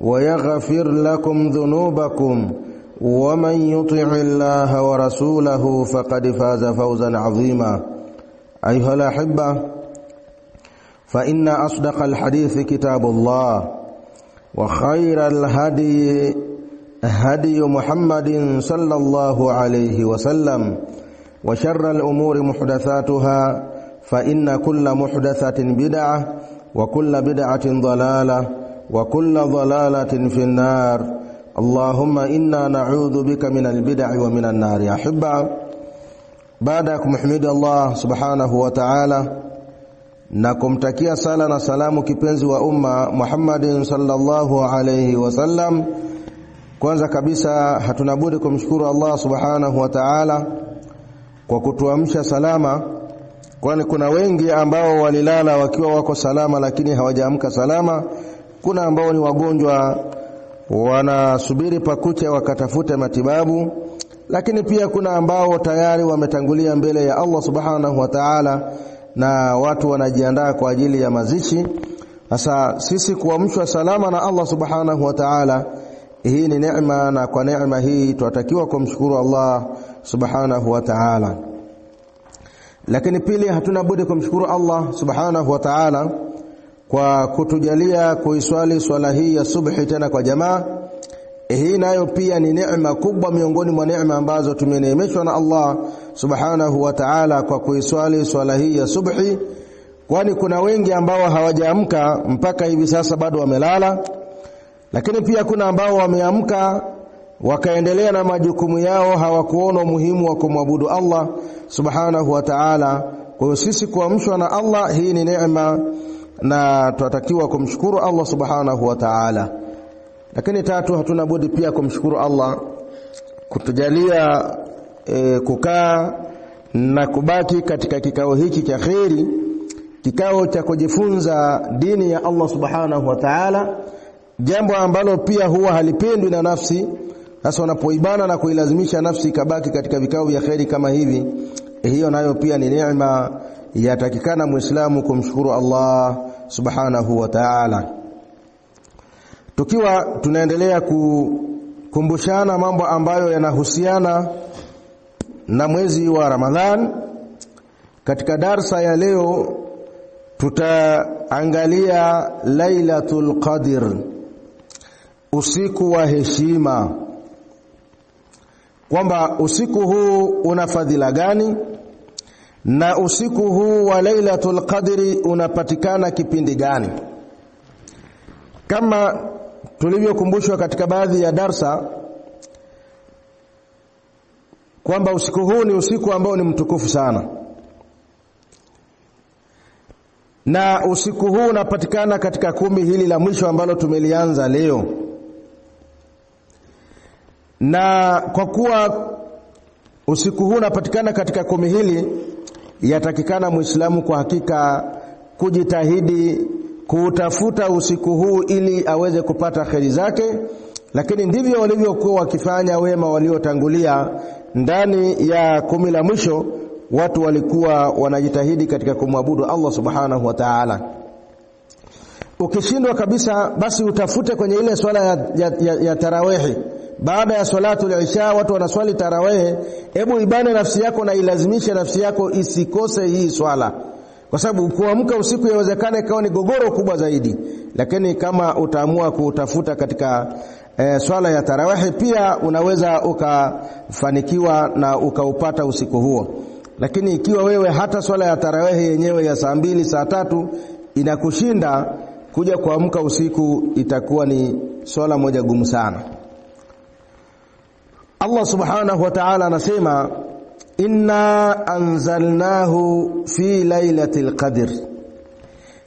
ويغفر لكم ذنوبكم ومن يطع الله ورسوله فقد فاز فوزا عظيما أيها الأحبة فإن أصدق الحديث كتاب الله وخير الهدي هدي محمد صلى الله عليه وسلم وشر الأمور محدثاتها فإن كل محدثة بدعة وكل بدعة ضلالة وكل ضلالة في النار اللهم إنا نعوذ بك من البدع ومن النار يا أحبة baada ya kumhimidi Allah subhanahu wa ta'ala na kumtakia sala na salamu kipenzi wa umma Muhammadin sallallahu alayhi wasallam, kwanza kabisa hatunabudi kumshukuru Allah subhanahu wa ta'ala kwa kutuamsha salama, kwani kuna wengi ambao walilala wakiwa wako salama, lakini hawajaamka salama kuna ambao ni wagonjwa wanasubiri pakucha wakatafute matibabu, lakini pia kuna ambao tayari wametangulia mbele ya Allah subhanahu wa ta'ala, na watu wanajiandaa kwa ajili ya mazishi. Sasa sisi kuamshwa salama na Allah subhanahu wa ta'ala, hii ni neema, na kwa neema hii tunatakiwa kumshukuru Allah subhanahu wa ta'ala. Lakini pili, hatuna budi kumshukuru Allah subhanahu wa ta'ala kwa kutujalia kuiswali swala hii ya subhi tena kwa jamaa. Eh, hii nayo pia ni neema kubwa miongoni mwa neema ambazo tumeneemeshwa na Allah subhanahu wa ta'ala kwa kuiswali swala hii ya subhi, kwani kuna wengi ambao hawajaamka mpaka hivi sasa, bado wamelala. Lakini pia kuna ambao wameamka wakaendelea na majukumu yao, hawakuona umuhimu wa kumwabudu Allah subhanahu wa ta'ala. Kwa hiyo sisi kuamshwa na Allah, hii ni neema na tunatakiwa kumshukuru Allah subhanahu wa ta'ala. Lakini tatu, hatuna budi pia kumshukuru Allah kutujalia e, kukaa na kubaki katika kikao hiki cha kheri, kikao cha kujifunza dini ya Allah subhanahu wa ta'ala, jambo ambalo pia huwa halipendwi na nafsi. Sasa unapoibana na kuilazimisha nafsi ikabaki katika vikao vya kheri kama hivi, hiyo nayo pia ni neema, yatakikana Muislamu kumshukuru Allah subhanahu wa ta'ala. Tukiwa tunaendelea kukumbushana mambo ambayo yanahusiana na mwezi wa Ramadhan, katika darsa ya leo tutaangalia Lailatul Qadr, usiku wa heshima, kwamba usiku huu una fadhila gani na usiku huu wa Lailatul Qadri unapatikana kipindi gani? Kama tulivyokumbushwa katika baadhi ya darsa kwamba usiku huu ni usiku ambao ni mtukufu sana, na usiku huu unapatikana katika kumi hili la mwisho ambalo tumelianza leo, na kwa kuwa usiku huu unapatikana katika kumi hili yatakikana Muislamu kwa hakika kujitahidi kuutafuta usiku huu ili aweze kupata kheri zake, lakini ndivyo walivyokuwa wakifanya wema waliotangulia. Ndani ya kumi la mwisho watu walikuwa wanajitahidi katika kumwabudu Allah subhanahu wa ta'ala. Ukishindwa kabisa, basi utafute kwenye ile swala ya, ya, ya, ya tarawehi baada ya salatu al-isha watu wanaswali tarawehe, hebu ibane nafsi yako na ilazimishe nafsi yako isikose hii swala, kwa sababu kuamka usiku yawezekana ikawa ni gogoro kubwa zaidi, lakini kama utaamua kutafuta katika e, swala ya tarawehe pia unaweza ukafanikiwa na ukaupata usiku huo. Lakini ikiwa wewe hata swala ya tarawehe yenyewe ya saa mbili saa tatu inakushinda, kuja kuamka usiku itakuwa ni swala moja gumu sana. Allah subhanahu wa ta'ala anasema inna anzalnahu fi lailatil qadr,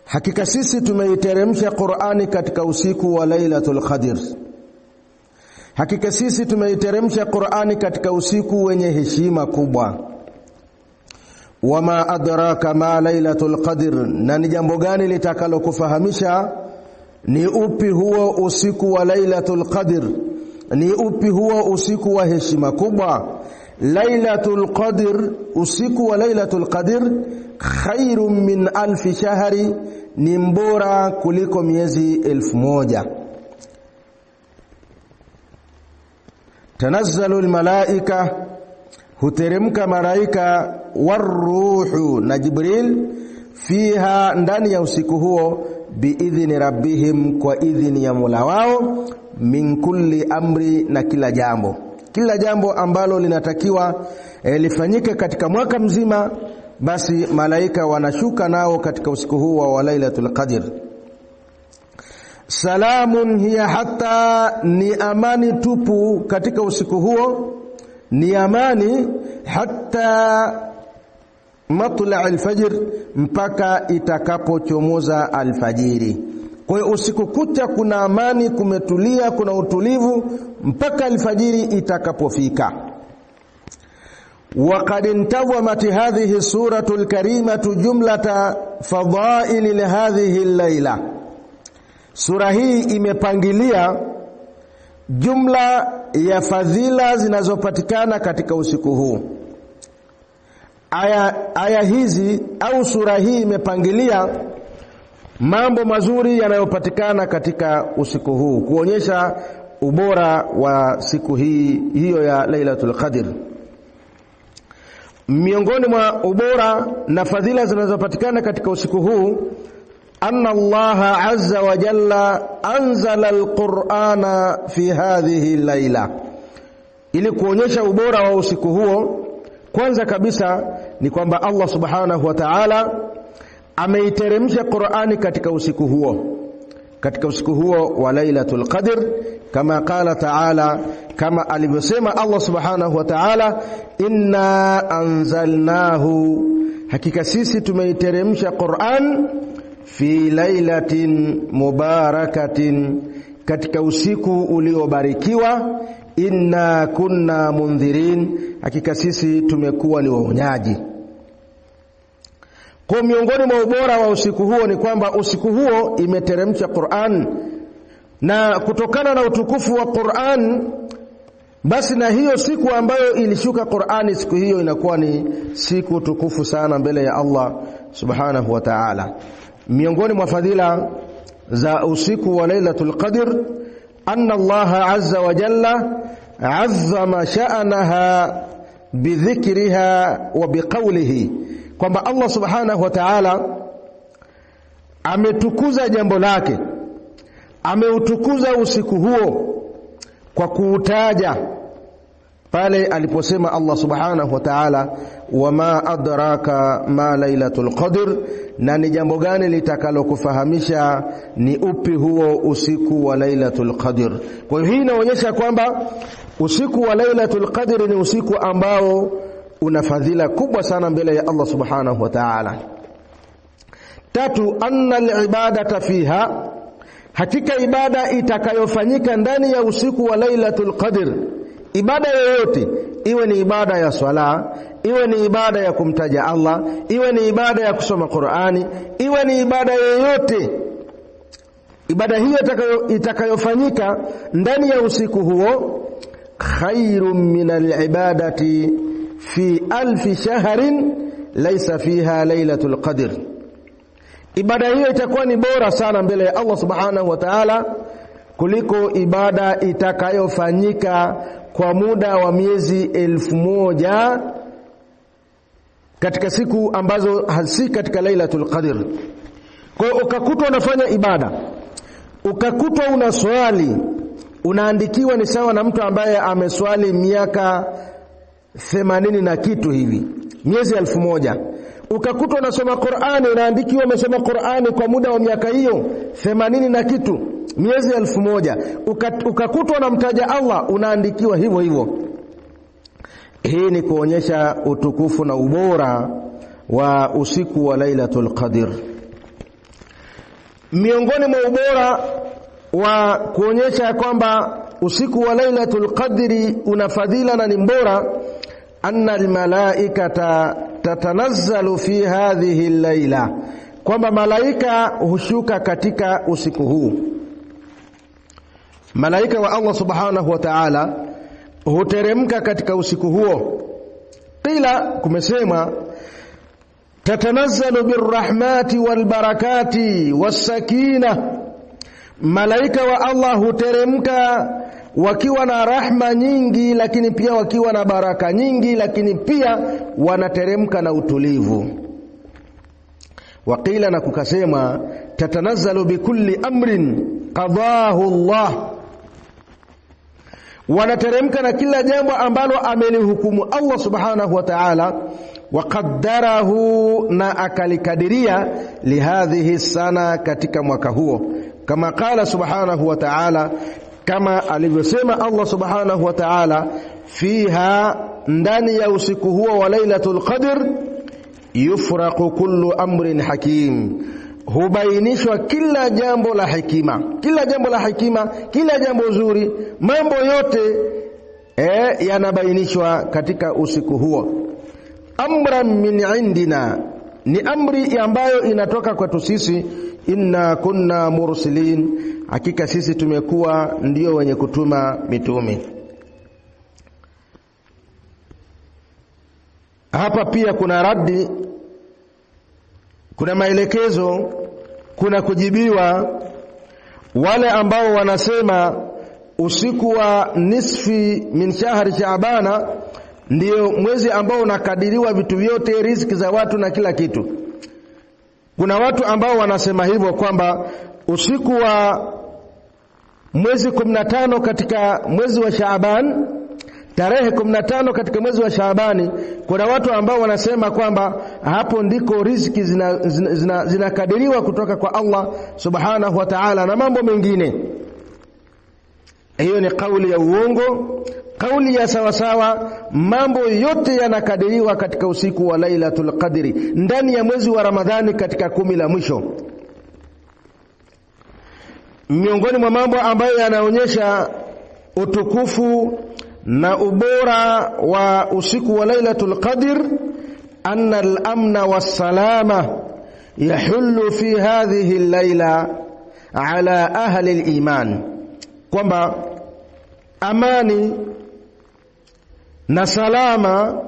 hakika sisi tumeiteremsha Qur'ani katika usiku wa lailatul qadr. Hakika sisi tumeiteremsha Qur'ani katika usiku wenye heshima kubwa. Wama adraka ma lailatul qadr, na ni jambo gani litakalokufahamisha ni upi huo usiku wa lailatul qadr? ni upi huo usiku wa heshima kubwa? Lailatul Qadr, usiku wa Lailatul Qadr khairum min alfi shahri, ni mbora kuliko miezi elfu moja. Tanazzalu almalaika, huteremka malaika, waruhu na Jibril, fiha, ndani ya usiku huo, biidhni rabbihim, kwa idhini ya Mola wao min kulli amri, na kila jambo, kila jambo ambalo linatakiwa e, lifanyike katika mwaka mzima, basi malaika wanashuka nao katika usiku huu wa Lailatul Qadr. Salamun hiya hatta, ni amani tupu katika usiku huo, ni amani hatta matla'il fajr, mpaka itakapochomoza alfajiri. Kwa hiyo usiku kucha kuna amani, kumetulia, kuna utulivu mpaka alfajiri itakapofika. Waqad intazamat hadhihi suratu lkarimatu jumlata fadaili lihadhihi llaila, sura hii imepangilia jumla ya fadhila zinazopatikana katika usiku huu. Aya, aya hizi au sura hii imepangilia mambo mazuri yanayopatikana katika usiku huu, kuonyesha ubora wa siku hii hiyo ya Lailatul Qadr. Miongoni mwa ubora na fadhila zinazopatikana katika usiku huu, anna Allaha azza wa jalla anzala alqur'ana fi hadhihi laila, ili kuonyesha ubora wa usiku huo, kwanza kabisa ni kwamba Allah subhanahu wa ta'ala ameiteremsha Qur'ani katika usiku huo katika usiku huo wa Lailatul Qadr kama qala ta'ala kama alivyosema Allah subhanahu wa ta'ala inna anzalnahu hakika sisi tumeiteremsha Qur'an fi lailatin mubarakatin katika usiku uliobarikiwa inna kunna mundhirin hakika sisi tumekuwa ni waonyaji kwa miongoni mwa ubora wa usiku huo ni kwamba usiku huo imeteremsha Qur'an, na kutokana na utukufu wa Qur'an, basi na hiyo siku ambayo ilishuka Qur'ani, siku hiyo inakuwa ni siku tukufu sana mbele ya Allah subhanahu wa ta'ala. Miongoni mwa fadhila za usiku wa Lailatul Qadr, anna Allah azza wa jalla azzama sha'naha bidhikriha wa biqawlihi kwamba Allah subhanahu wa ta'ala ametukuza jambo lake, ameutukuza usiku huo kwa kuutaja pale aliposema Allah subhanahu wa ta'ala, wama adraka ma lailatul qadr, na ni jambo gani litakalokufahamisha ni upi huo usiku wa lailatul qadr. Kwa hiyo hii inaonyesha kwamba usiku wa lailatul qadr ni usiku ambao una fadhila kubwa sana mbele ya Allah subhanahu wa ta'ala. Tatu, anna al-ibadata fiha, hakika ibada itakayofanyika ndani ya usiku wa Lailatul Qadr, ibada yoyote iwe ni ibada ya swala, iwe ni ibada ya kumtaja Allah, iwe ni ibada ya kusoma Qur'ani, iwe ni ibada yoyote ibada hiyo itakayofanyika itakayo ndani ya usiku huo, khairum min al-ibadati fi alfi shahrin laysa fiha laylatul qadr, ibada hiyo itakuwa ni bora sana mbele ya Allah subhanahu wa ta'ala kuliko ibada itakayofanyika kwa muda wa miezi elfu moja katika siku ambazo hasi katika lailatul qadr. Kwa hiyo ukakutwa unafanya ibada, ukakutwa unaswali, unaandikiwa ni sawa na mtu ambaye ameswali miaka themanini na kitu hivi, miezi elfu moja ukakutwa unasoma Qur'ani, unaandikiwa umesoma Qur'ani kwa muda wa miaka hiyo themanini na kitu, miezi elfu moja ukakutwa unamtaja Allah, unaandikiwa hivyo hivyo. Hii ni kuonyesha utukufu na ubora wa usiku wa Lailatul Qadr. Miongoni mwa ubora wa kuonyesha kwamba usiku wa Lailatul Qadri una fadhila na ni mbora anna almalaikata tatanazzalu fi hadhihi llaila, kwamba malaika hushuka katika usiku huu. Malaika wa Allah subhanahu wa ta'ala huteremka katika usiku huo. Qila, kumesemwa tatanazzalu birrahmati walbarakati wassakina, malaika wa Allah huteremka wakiwa na rahma nyingi, lakini pia wakiwa na baraka nyingi, lakini pia wanateremka na utulivu. Waqila, na kukasema, tatanazzalu bikulli amrin qadahu Allah, wanateremka na kila jambo ambalo amelihukumu Allah subhanahu wa ta'ala waqaddarahu na akalikadiria lihadhihi sana katika mwaka huo, kama qala subhanahu wa ta'ala kama alivyosema Allah subhanahu wa ta'ala fiha ndani ya usiku huo wa lailatul qadr yufraqu kullu amrin hakim hubainishwa kila jambo la hikima kila jambo la hikima kila jambo zuri mambo yote eh, yanabainishwa katika usiku huo amran min indina ni amri ambayo inatoka kwetu sisi, inna kunna mursilin, hakika sisi tumekuwa ndio wenye kutuma mitume. Hapa pia kuna raddi, kuna maelekezo, kuna kujibiwa wale ambao wanasema usiku wa nisfi min shahri Shaabana ndio mwezi ambao unakadiriwa vitu vyote, riziki za watu na kila kitu. Kuna watu ambao wanasema hivyo kwamba usiku wa mwezi 15 katika mwezi wa Shaaban tarehe 15 katika mwezi wa Shaabani, kuna watu ambao wanasema kwamba hapo ndiko riziki zinakadiriwa zina, zina, zina kutoka kwa Allah subhanahu wa ta'ala na mambo mengine. Hiyo ni kauli ya uongo, kauli ya sawasawa. Mambo yote yanakadiriwa katika usiku wa Lailatul Qadri, ndani ya mwezi wa Ramadhani, katika kumi la mwisho. Miongoni mwa mambo ambayo yanaonyesha utukufu na ubora wa usiku wa Lailatul Qadr, anna al-amna was-salama yahullu fi hadhihi al-laila ala ahli al-iman, kwamba amani na salama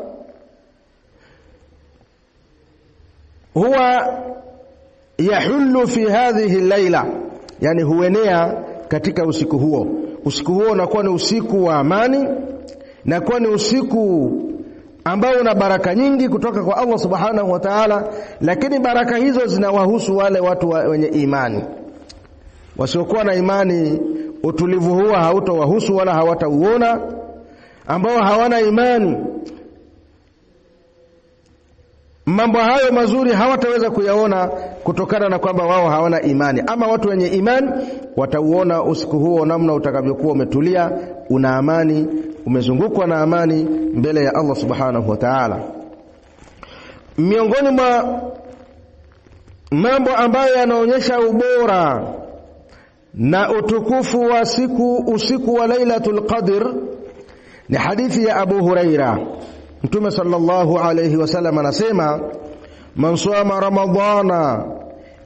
huwa yahullu fi hadhihi laila, yani huenea katika usiku huo. Usiku huo unakuwa ni usiku wa amani, nakuwa ni usiku ambao una baraka nyingi kutoka kwa Allah subhanahu wa ta'ala, lakini baraka hizo zinawahusu wale watu wenye imani. Wasiokuwa na imani utulivu huo hautowahusu wala hawatauona, ambao hawana imani mambo hayo mazuri hawataweza kuyaona kutokana na kwamba wao hawana imani. Ama watu wenye imani watauona usiku huo namna utakavyokuwa umetulia, una amani, umezungukwa na amani mbele ya Allah subhanahu wa ta'ala. Miongoni mwa mambo ambayo yanaonyesha ubora na utukufu wa siku usiku wa Lailatul Qadr ni hadithi ya Abu Huraira. Mtume sallallahu alayhi wasallam anasema, man sawama ramadhana,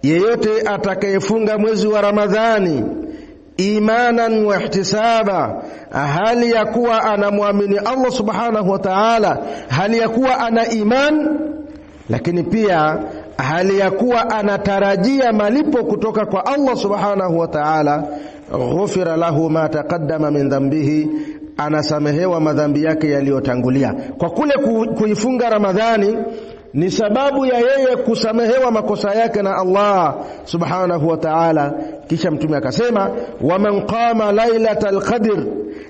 yeyote atakayefunga mwezi wa Ramadhani imanan wa ihtisaba, hali ya kuwa anamwamini Allah subhanahu wa ta'ala, hali ya kuwa ana iman, lakini pia hali ya kuwa anatarajia malipo kutoka kwa Allah subhanahu wa ta'ala, ghufira lahu ma taqaddama min dhambihi, anasamehewa madhambi yake yaliyotangulia. Kwa kule kuifunga Ramadhani ni sababu ya yeye kusamehewa makosa yake na Allah subhanahu wa ta'ala. Kisha Mtume akasema, waman qama lailatal qadr,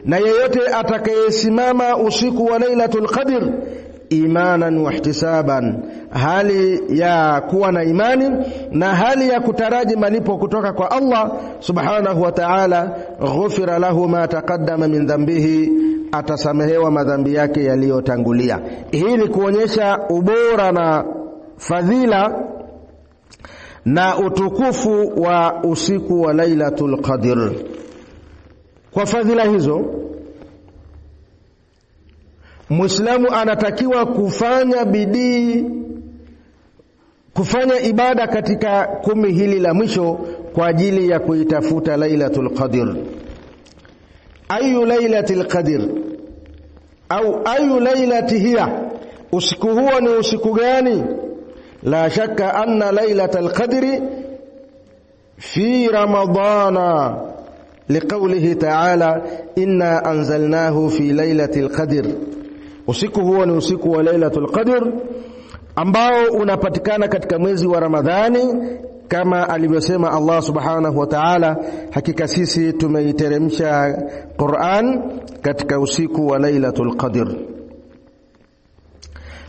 na yeyote atakayesimama usiku wa lailatul qadr imanan wa ihtisaban, hali ya kuwa na imani na hali ya kutaraji malipo kutoka kwa Allah subhanahu wa ta'ala. Ghufira lahu ma taqaddama min dhanbihi, atasamehewa madhambi yake yaliyotangulia. Hii ni kuonyesha ubora na fadhila na utukufu wa usiku wa Lailatul Qadr. Kwa fadhila hizo Muislamu anatakiwa kufanya bidii kufanya ibada katika kumi hili la mwisho kwa ajili ya kuitafuta Lailatul Qadr. Ayu Lailatul Qadr au ayu lailati hiya, usiku huo ni usiku gani? La shakka anna Lailatul Qadri fi Ramadana liqaulihi ta'ala inna anzalnahu fi Lailatul Qadr Usiku huo ni usiku wa Lailatul Qadr ambao unapatikana katika mwezi wa Ramadhani kama alivyosema Allah Subhanahu wa Ta'ala, hakika sisi tumeiteremsha Qur'an katika usiku wa Lailatul Qadr.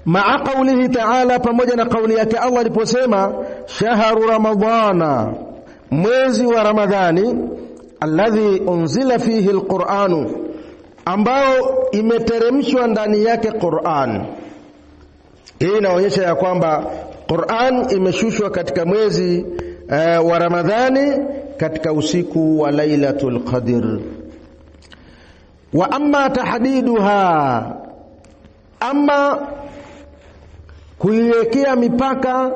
Maa qaulihi ta'ala, pamoja na kauli yake Allah aliposema shahru ramadhana, mwezi wa Ramadhani, alladhi unzila fihi alquranu ambao imeteremshwa ndani yake Qur'an. Hii inaonyesha ya kwamba Qur'an imeshushwa katika mwezi uh, wa Ramadhani katika usiku wa Lailatul Qadr. Wa amma tahdiduha, ama kuiwekea mipaka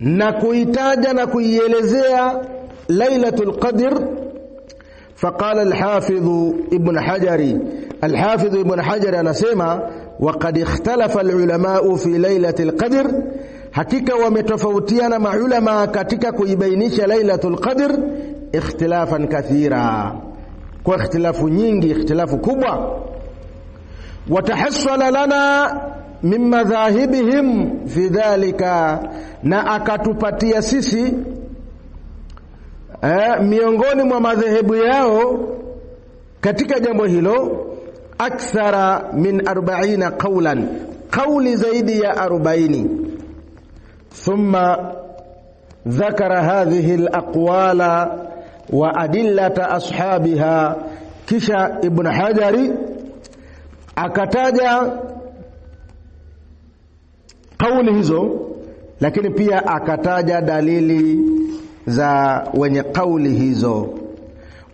na kuitaja na kuielezea Lailatul Qadr Faqala alhafidhu ibn Hajari, alhafidhu ibn Hajari anasema waqad ikhtalafa alulamau fi lailatil qadr, hakika wametofautiana maulama katika kuibainisha lailatul qadr ikhtilafan kathira, kwa ikhtilafu nyingi, ikhtilafu kubwa. watahasala lana min madhahibihim fi dhalika, na akatupatia sisi eh, miongoni mwa madhehebu yao katika jambo hilo akthara min 40 qawlan, qawli zaidi ya 40. Thumma dhakara hadhihi alaqwala wa adillata ashabiha, kisha Ibn Hajari akataja kauli hizo, lakini pia akataja dalili za wenye kauli hizo.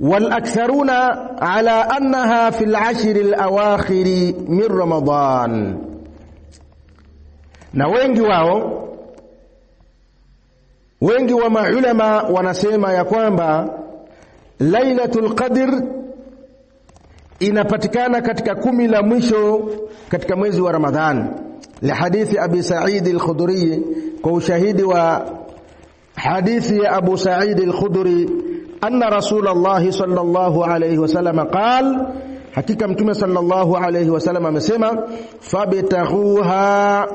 Wal aktharuna ala annaha fil ashri alawakhiri min Ramadan, na wengi wao wengi wa maulama wanasema ya kwamba Lailatul Qadr inapatikana katika kumi la mwisho katika mwezi wa Ramadhan, hadithi Abi said al-Khudri, kwa ushahidi wa hadithi ya Abu Sa'id al-Khudri anna Rasulullah sallallahu alayhi wasallam qal, hakika mtume sallallahu alayhi wasallam amesema, fabtaghuha,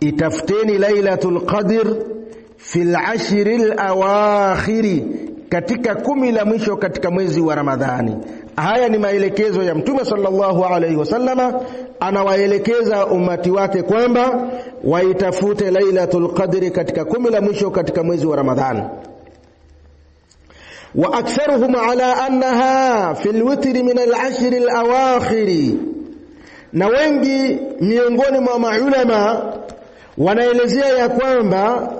itafuteni lailatul qadr fil ashril awakhiri, katika kumi la mwisho katika mwezi wa Ramadhani. Haya ni maelekezo ya Mtume sallallahu alaihi wasallama, anawaelekeza umati wake kwamba waitafute Lailatul Qadri katika kumi la mwisho katika mwezi wa Ramadhani. wa aktharuhum ala annaha fi lwitri min alashri alawakhiri, na wengi miongoni mwa maulama wanaelezea ya kwamba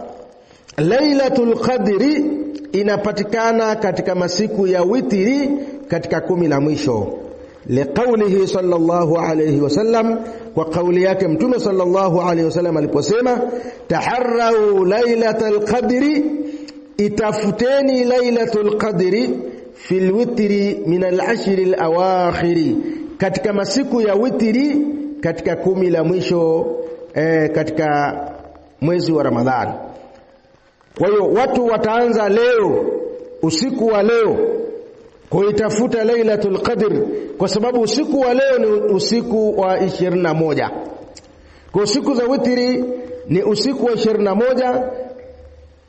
Lailatul Qadri inapatikana katika masiku ya witiri katika kumi la mwisho, liqaulihi sallallahu alayhi wasallam, kwa kauli yake Mtume sallallahu alayhi wasallam aliposema, taharau lailatal qadri, itafuteni lailatul qadri fil witri min al ashri al awakhiri, katika masiku ya witiri katika kumi la mwisho eh, katika mwezi wa Ramadhani. Kwa hiyo watu wataanza leo usiku wa leo kuitafuta Lailatul Qadr kwa sababu usiku wa leo ni usiku wa 21. Kwa siku za witiri ni usiku wa 21,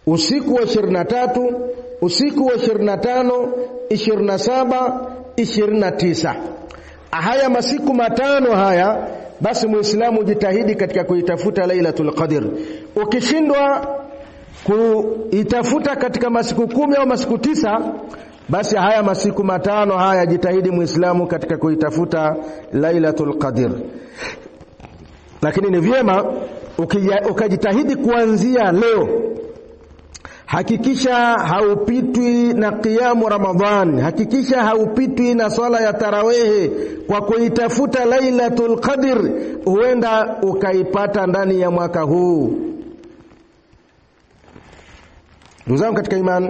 usiku wa 23, usiku wa 25, 27, 29. Haya masiku matano haya basi Muislamu jitahidi katika kuitafuta Lailatul Qadr. Ukishindwa kuitafuta katika masiku kumi au masiku tisa basi haya masiku matano haya jitahidi Muislamu katika kuitafuta Lailatul Qadr. Lakini ni vyema ukajitahidi kuanzia leo, hakikisha haupitwi na qiamu Ramadhan, hakikisha haupitwi na swala ya tarawehe kwa kuitafuta Lailatul Qadr, huenda ukaipata ndani ya mwaka huu ndugu zangu katika imani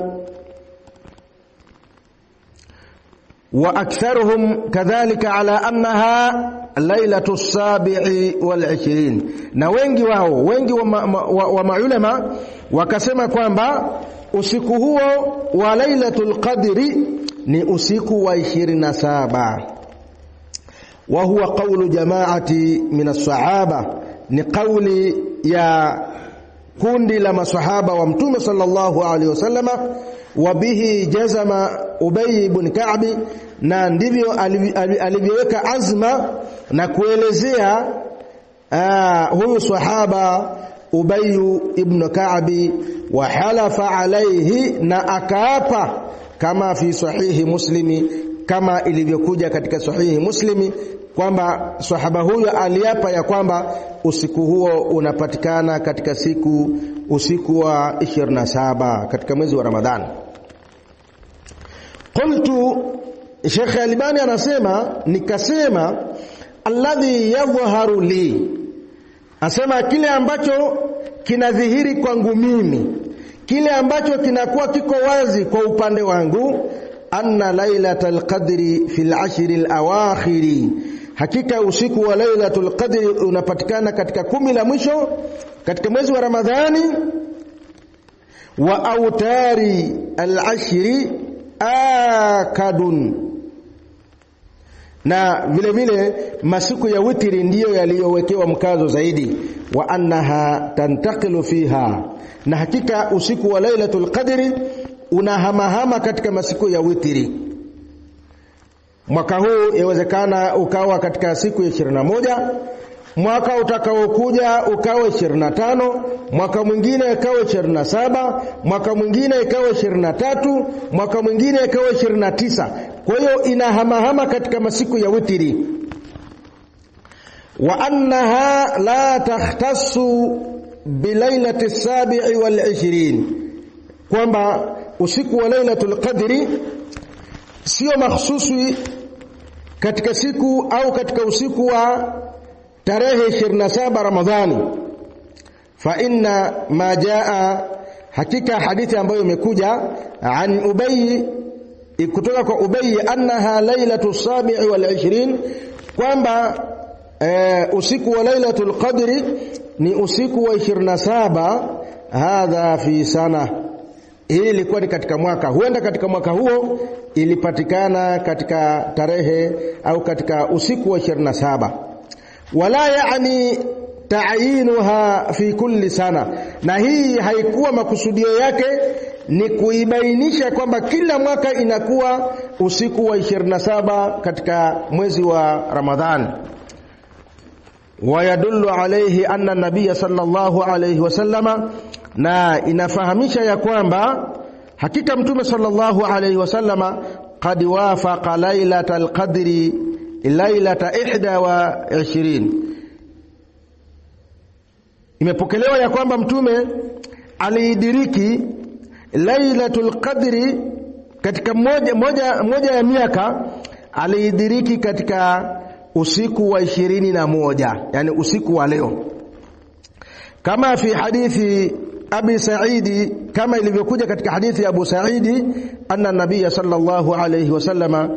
wa aktharuhum kadhalika ala annaha lailatu sabii wal ishirin, na wengi wao wengi wa, ma, wa, wa maulama wakasema kwamba usiku huo wa lailatul qadri ni usiku wa 27 wa huwa qawlu jamaati min as-sahaba, ni kauli ya kundi la maswahaba wa Mtume sallallahu alaihi wasallama, wa bihi jazama Ubay ibn Ka'bi, na ndivyo alivyoweka azma na kuelezea ah, huyu sahaba Ubayu ibn Ka'bi, wa halafa alaihi, na akaapa kama fi sahihi Muslimi, kama ilivyokuja katika sahihi Muslimi kwamba sahaba huyo aliapa ya kwamba usiku huo unapatikana katika siku usiku wa 27 katika mwezi wa Ramadhani. Qultu, Sheikh Albani anasema nikasema, alladhi yadhharu li, asema kile ambacho kinadhihiri kwangu mimi, kile ambacho kinakuwa kiko wazi kwa upande wangu, anna lailatal qadri fil ashri al awakhiri Hakika usiku wa Lailatul Qadri unapatikana katika kumi la mwisho katika mwezi wa Ramadhani wa autari al-ashri akadun, na vile vile masiku ya witri ndiyo yaliyowekewa mkazo zaidi. Wa annaha tantakilu fiha, na hakika usiku wa Lailatul Qadri unahamahama katika masiku ya witiri Mwaka huu yawezekana ukawa katika siku ya ishirini na moja mwaka utakaokuja na tano mwaka mwingine ikawe saba mwaka mwingine ikawe tatu mwaka mwingine ikawe tisa Kwa hiyo inahamahama katika masiku ya witiri. wa annaha la takhtasu bilailati sabii wal kwamba usiku wa lailatul qadri sio mahsusi katika siku au katika usiku wa tarehe 27 Ramadhani. Fa inna ma jaa, hakika hadithi ambayo imekuja an Ubay kutoka kwa Ubay annaha lailatu sabi'i wal 20 kwamba e, usiku wa lailatul qadri ni usiku wa 27 hadha fi sana hii ilikuwa ni katika mwaka, huenda katika mwaka huo ilipatikana katika tarehe au katika usiku wa 27 wala yaani taayinuha fi kulli sana, na hii haikuwa makusudio yake ni kuibainisha kwamba kila mwaka inakuwa usiku wa 27 katika mwezi wa Ramadhani. Wayadullu alayhi anna nabiyya sallallahu alayhi wasallama na inafahamisha ya kwamba hakika Mtume sallallahu alaihi wasallama qad wafaqa lailata lqadri lailata ihda wa ishirin. Imepokelewa ya kwamba Mtume aliidiriki lailatul qadri katika moja, moja, moja ya miaka aliidiriki katika usiku wa ishirini na moja yani usiku wa leo, kama fi hadithi abi Saidi kama ilivyokuja katika hadithi ya Abu Saidi, anna nabiya sallallahu alayhi wasallama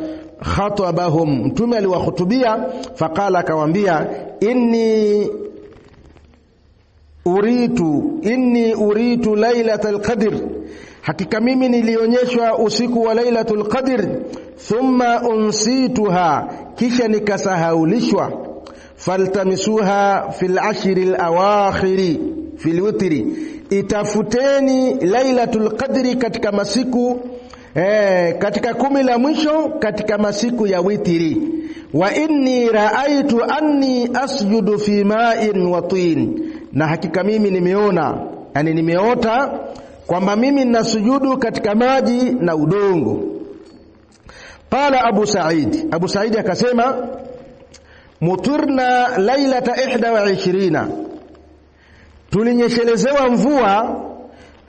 khatabahum, mtume aliwahutubia. Faqala, akawaambia inni uritu inni uritu lailatal qadr, hakika mimi nilionyeshwa usiku wa lailatul qadr. Thumma unsituha, kisha nikasahaulishwa faltamisuha fil ashri lawakhiri fil witri, itafuteni lailatul qadri katika masiku eh, katika kumi la mwisho katika masiku ya witiri. Wa inni raaitu anni asjudu fi ma'in wa tin, na hakika mimi nimeona, yani nimeota kwamba mimi ninasujudu katika maji na udongo. Qala Abu Said, Abu Said akasema muturna lailata 21 tulinyeshelezewa mvua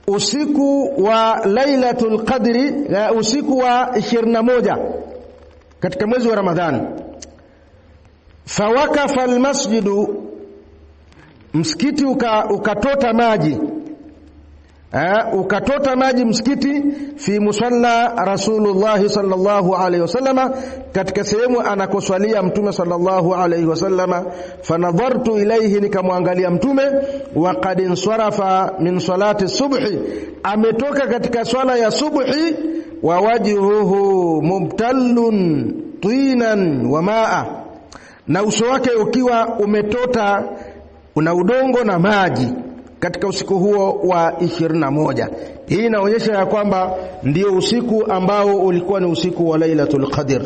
usiku wa lailatul qadri, eh, usiku wa 21 katika mwezi wa Ramadhani. Fawakafa almasjidu, msikiti ukatota uka maji ukatota maji msikiti fi musalla Rasulullah sallallahu alaihi wasallama, katika sehemu anakoswalia mtume sallallahu alaihi wasallama. Fanadhartu ilaihi, nikamwangalia mtume. Wa qad insarafa min salati subhi, ametoka katika swala ya subhi. Wa wajhuhu mubtalun tinan wa maa, na uso wake ukiwa umetota una udongo na maji katika usiku huo wa 21. Hii inaonyesha ya kwamba ndio usiku ambao ulikuwa ni usiku wa Lailatul Qadr.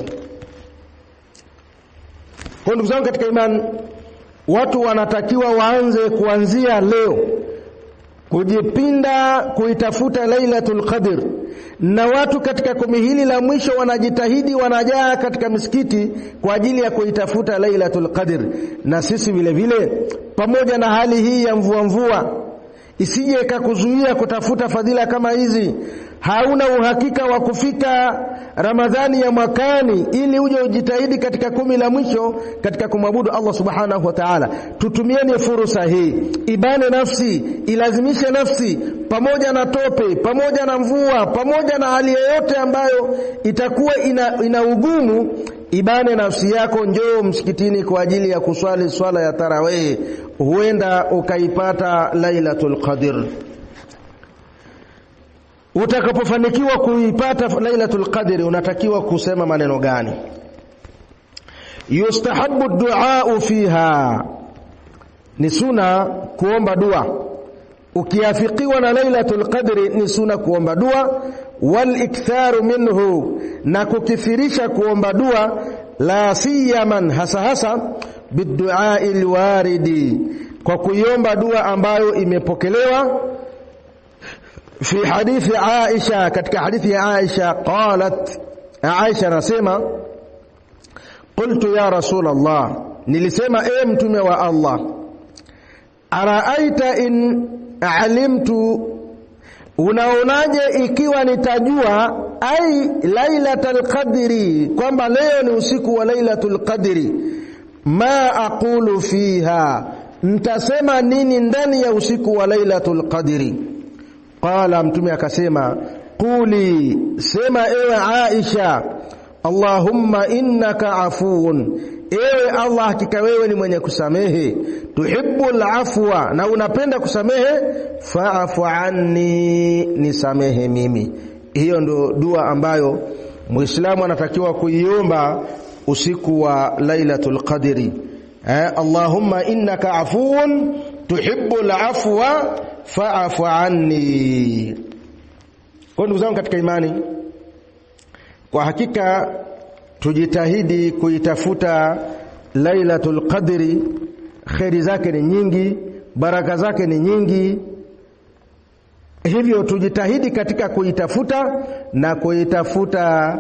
Kwa ndugu zangu katika imani, watu wanatakiwa waanze kuanzia leo kujipinda kuitafuta Lailatul Qadr, na watu katika kumi hili la mwisho wanajitahidi, wanajaa katika misikiti kwa ajili ya kuitafuta Lailatul Qadr. Na sisi vile vile, pamoja na hali hii ya mvua mvua isije ikakuzuia kutafuta fadhila kama hizi. Hauna uhakika wa kufika Ramadhani ya mwakani, ili uje ujitahidi katika kumi la mwisho katika kumwabudu Allah subhanahu wa ta'ala. Tutumieni fursa hii, ibane nafsi, ilazimishe nafsi pamoja na tope, pamoja na mvua, pamoja na hali yoyote ambayo itakuwa ina, ina ugumu ibane nafsi yako, njoo msikitini kwa ajili ya kuswali swala ya tarawih, huenda ukaipata Lailatul Qadr. Utakapofanikiwa kuipata Lailatul Qadr, unatakiwa kusema maneno gani? Yustahabu du'a fiha, ni suna kuomba dua Ukiafikiwa na Lailatul Qadri ni suna kuomba dua, wal iktharu minhu, na kukifirisha kuomba dua, la siyaman, hasa hasa biduai lwaridi, kwa kuiomba dua ambayo imepokelewa fi hadithi Aisha, katika hadithi ya Aisha qalat, Aisha anasema qultu ya rasul Allah, nilisema e mtume wa Allah araaita in alimtu, unaonaje ikiwa nitajua ai lailatul qadri, kwamba leo ni usiku wa lailatul qadri. Ma aqulu fiha, ntasema nini ndani ya usiku wa lailatul qadri? Qala, mtume akasema quli, sema ewe Aisha, allahumma innaka afuun Ewe Allah, hakika wewe ni mwenye kusamehe. Tuhibbul afwa, na unapenda kusamehe. Faafu anni, nisamehe mimi. Hiyo ndo dua ambayo Muislamu anatakiwa kuiomba usiku wa Lailatul Qadri. Eh, Allahumma innaka afuwun tuhibbul afwa faafu anni. Kwa ndugu zangu katika imani, kwa hakika tujitahidi kuitafuta Lailatul Qadri. Kheri zake ni nyingi, baraka zake ni nyingi, hivyo tujitahidi katika kuitafuta, na kuitafuta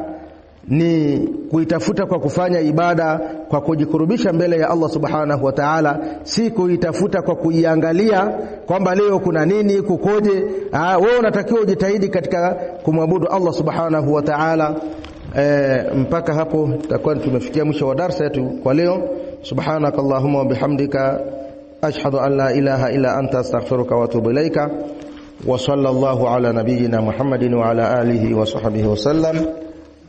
ni kuitafuta kwa kufanya ibada, kwa kujikurubisha mbele ya Allah subhanahu wa ta'ala, si kuitafuta kwa kuiangalia kwamba leo kuna nini, kukoje. Ah, wewe unatakiwa ujitahidi katika kumwabudu Allah subhanahu wa ta'ala. e, mpaka hapo tutakuwa tumefikia mwisho wa darasa yetu kwa leo subhanaka allahumma wa bihamdika ashhadu an la ilaha illa anta astaghfiruka wa atubu ilaika wa sallallahu ala nabiyyina muhammadin wa ala alihi wa sahbihi wa sallam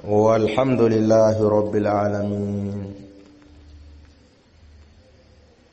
walhamdulillahi rabbil alamin